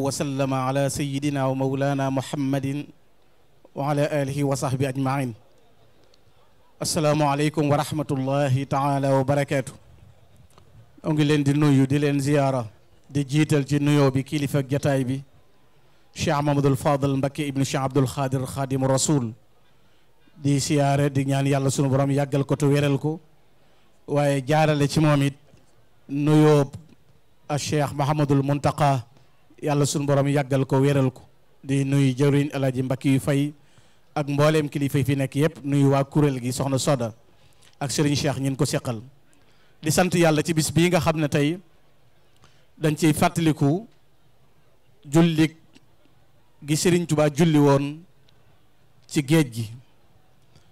wasallama ala sayidina wa maulana muhammadin wa ala alihi wa sahbi ajmain asalaamualeykum wa rahmatullahi taala wa barakaatu o ngi leen di nuyu di leen ziyaara di jiital ci nuyoo bi kilifa jataay bi cheikh mamadul fadal mbakke ibnu cheikh abdul xaadir xaadimu rasul di siyaare di ñaan yàlla sunu borom yàggal ko te wéral ko waaye jaarale ci moom it nuyoo a cheikh mahamadul muntaqa yàlla suñu borom yàggal ko wéral ko di nuyu jëwriñ alaaji mbakki yu fay ak mbooleem kilifa yi fi nekk yëpp nuyu waa kuréel gi soxna Soda ak Serigne Cheikh ñun ko seqal di sant yàlla ci bis bii nga xam ne tey dañ ciy fàttaliku jullik gi Serigne Touba julli woon ci géej gi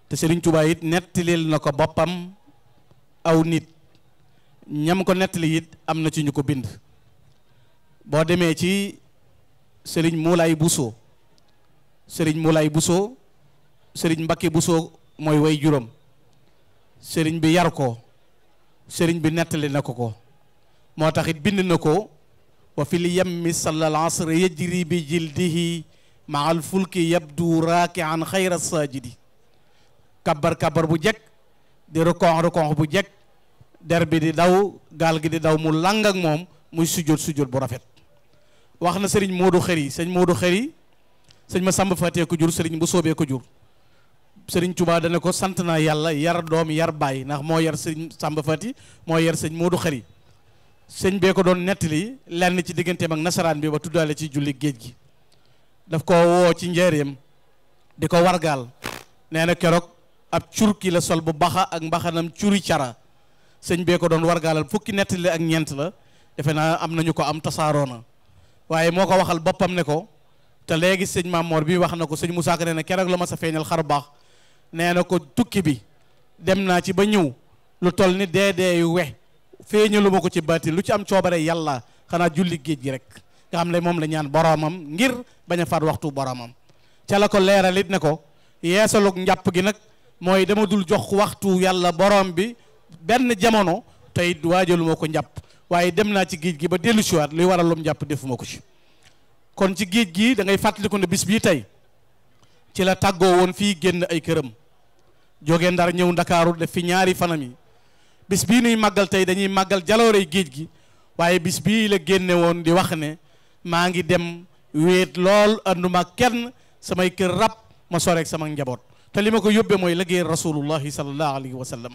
te Serigne Touba it nettalil na ko boppam aw nit ñam ko nettali it am na ci ñu ko bind boo demee ci sëriñ Moulay buso sëriñ Moulay buso sëriñ Mbakke Bousso mooy way juróom sëriñ bi yar ko sëriñ bi nettali na ko ko moo tax it bind na ko wa fil yammi sallal asr yajri bi jildihi ma al fulki yabdu raakian xayra saajidi kabar kabar bu jekk di rekonx rekonx bu jekk der bi di daw gaal gi di daw mu lang ak moom muy sujjóot sujjóot bu rafet wax na sëriñ Modou Xëri sëñ Modou Xëri sëñ ma sàmb fàttee ko jur sëriñ bu soobee ko jur sëriñ Touba dana ko sant naa yàlla yar doom yar bàyyi ndax moo yar sëriñ sàmb fàtti moo yar sëñ Modou Xëri sëñ bee ko doon nettali lenn ci digganteem ak nasaraan bi ba tuddaale ci julli géej gi daf koo woo ci njëriñam di ko wargaal nee na keroog ab cur ki la sol bu baxa ak mbaxanam curi cara sëñ bee ko doon wargaalal fukki nettali ak ñeent la defe naa am nañu ko am tasaaroona waaye moo ko waxal boppam ne ko te léegi sëñ mamoor bi wax na ko sëñ Moussa Ka nee na keroog la ma sa feeñal xar baax nee na ko tukki bi dem naa ci ba ñëw lu toll ni dee dee yu we feeñalu ko ci baatin lu ci am coobare yàlla xanaa julli géej gi rek nga xam ne moom la ñaan boroomam ngir bañ a faat waxtu boroomam ca la ko leeralit ne ko yeesalug njàpp gi nag mooy dama dul jox waxtu yàlla boroom bi benn jamono tey waajaluma ko njàpp waaye dem naa ci géej gi ba dellu siwaat luy waral lum jàpp defuma ko ci kon ci géej gi da ngay fàttaliku na bis bii tey ci la tàggoo woon fii génn ay këram jóge ndar ñëw ndakaaru def fi ñaari fanam yi bis bii nuy màggal tey dañuy màggal jaloorey géej gi waaye bis bii la génne woon di wax ne maa ngi dem wéet lool anduma kenn samay kër rab ma soreek sama njaboot te li ma ko yóbbee mooy liggéey rasulullahi sallallahu alayhi wa sallam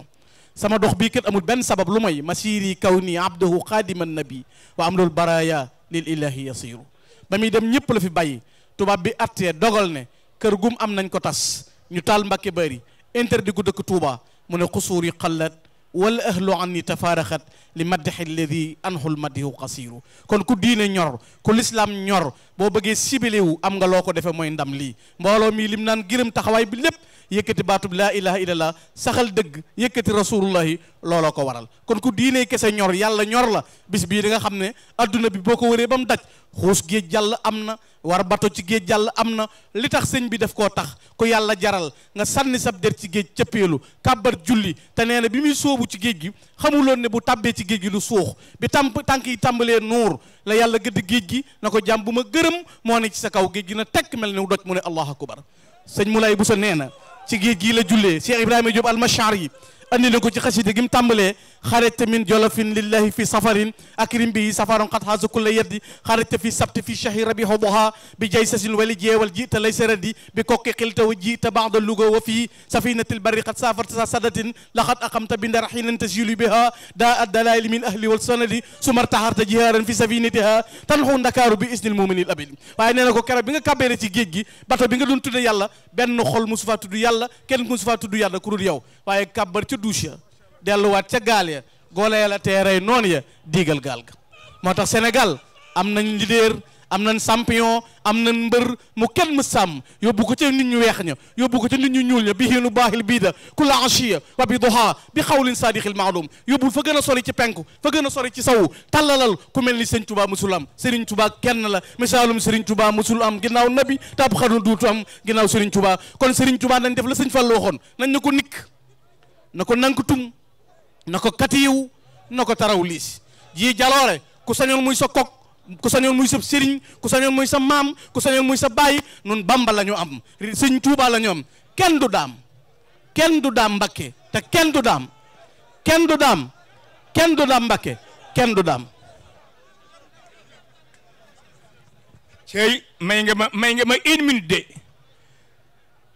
sama dox bii kër amul benn sabab lu may masiri kaw nii abdahu xaadiman nabi wa am loolu baraya lil ilahi yasiru ba muy dem ñëpp la fi bay tubaab bi attee dogal ne kër gum am nañ ko tas ñu taal mbakke bari interdit gu dëkk Touba mu ne xusuur yi xallat wala ahlu an ni tafaaraxat li maddehi alladi anhul maddihu xasiru kon ku diine ñor ku lislaam ñor boo bëggee sibile wu am nga loo ko defee mooy ndam lii mbooloo mii lim naan gërëm taxawaay bi lépp yëkkati baatub laa ilaha illallah saxal dëgg yëkkati rasulullahi looloo ko waral kon ku diine kese ñor yàlla ñor la bis bii da nga xam ne àdduna bi boo ko waree ba mu daj xuus géej jàll am na war bato ci géej jàll am na li tax sëñ bi def koo tax ko yàlla jaral nga sànni sab der ci géej cëppeelu kàbbar julli te nee na bi muy sóobu ci géej gi xamuloon ne bu tàbbee ci géej gi lu suux bi tàmp tànk yi tàmbalee nuur la yàlla gëdd géej gi na ko jàmm bu ma gërëm moo ne ci sa kaw géej gi na tekk mel ne doj mu ne allahu akbar sëñ Moulay bu sa nee na ci géej gii la jullee Cheikh Ibrahima Diop al Machar yi andi na ko ci xasida gi mu tàmbalee xarajta min jolofin lillahi fi safarin akrim bi safaron xat xaasu kulla yerdi xarajta fi sabti fi shahi rabi hoboha bi jay sasin wali jeewal jita lay seradi bi kokki xilta wa jita baxda luga wa fii safinatil barri xat safarta sa sadatin laxat aqamta bi ndar xinan tasjilu biha daa ad dalail min ahli wal sanadi sumar taxarta jihaaran fi safinatiha tanxu ndakaaru bi isnil muminil abil waaye nee na ko keroog bi nga kàbbeere ci géej gi bato bi nga doon tudde yàlla benn xol musu faa tudd yàlla kenn musu faa tudd yàlla ku dul yow waaye kàbbar ca douche ya delluwaat ca gaal ya goole yàlla teerey noonu ya diigal gaal ga moo tax Sénégal am nañ leader am nañ champion am nañ mbër mu kenn mu sàmm yóbbu ko ca nit ñu weex ña yóbbu ko ca nit ñu ñuul ña bi hiinu baaxil bii da ku la anchiya wa bi doha bi xawlin saadixil maalum yóbbul fa gën a sori ci penku fa gën a sori ci sawu tallalal ku mel ni sëñ Tuubaa musul am sëriñ Tuubaa kenn la misaalum sëriñ Tuubaa musul am ginnaaw nabi tab xarnu duutu am ginnaaw sëriñ Tuubaa kon sëriñ Tuubaa nañ def la sëñ Fallu na ko nankutum na ko katiyiw na ko taraw liis ji jaloore ku sañoon muy sa kok ku sañoon muy sa sëriñ ku sañoon muy sa maam ku sañoon muy sa baay nun bamba la am sëñ tuubaa lañu am kenn du daam kenn du daam mbakke te kenn du daam kenn du daam kenn du daam mbakke kenn du daam cey may nga ma may nga ma une minute de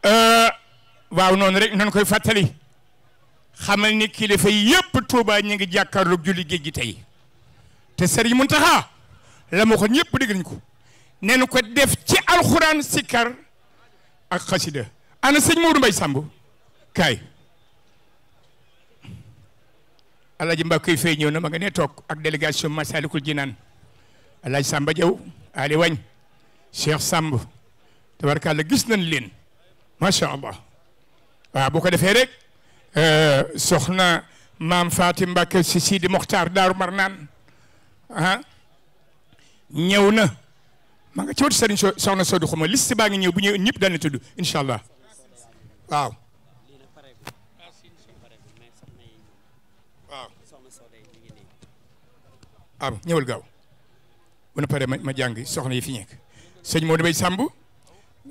euh, waaw noonu rek noonu koy fàttali xamal ni kilifa yépp Touba ñu ngi jàkkaarloog julli géej gi tey te Serigne Mountakha la ma ko ñëpp dégg nañ ko nee na ko def ci alxuraan sikkar ak xasida ana sëñ Modou Mbaye Samb kaay Alaaji Mbàkke fay ñëw na ma nga ne toog ak délégation Masalikul Jinaan Alaaji Samba Jaw Ali Wañ Cheikh Samb tabarkàlla gis nañ leen macha allah waaw bu ko defee rek Euh, soxna maam Faati Mbàkke si Sidi Moxtaar Daaru Marnaan ah ñëw na maa nga ci wut soxna Soodu xuma liste baa ngi ñëw bu ñëw ñëpp dana tudd incha allah waaw waaw ah gaaw bu na pare ma ma jàng soxna yi fi ñekk sëñ Modou Bay Samb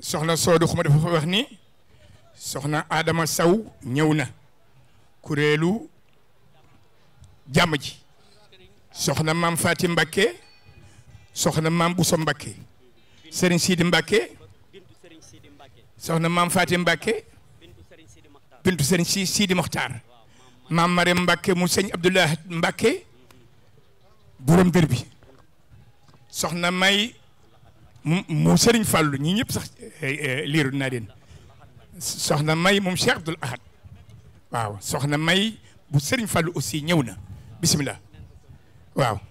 soxna Soodu xuma dafa fa wax ni soxna Adama Saw ñëw na kuréelu jàmm ji soxna maam Faati Mbakke soxna maam Bousso Mbakke Serigne Sidi Mbakke soxna maam Faati Mbakke bintu Serigne Sidi Mokhtar maam Mariam Mbakke mu sëñ Abdoulaye Mbakke borom dër bi soxna May mu Serigne Fàllu ñi ñëpp sax eh, eh, liiru naa leen soxna May moom sheikh Abdoul Ahad waaw soxna May bu Serigne Fallou aussi ñëw na bisimilah waaw.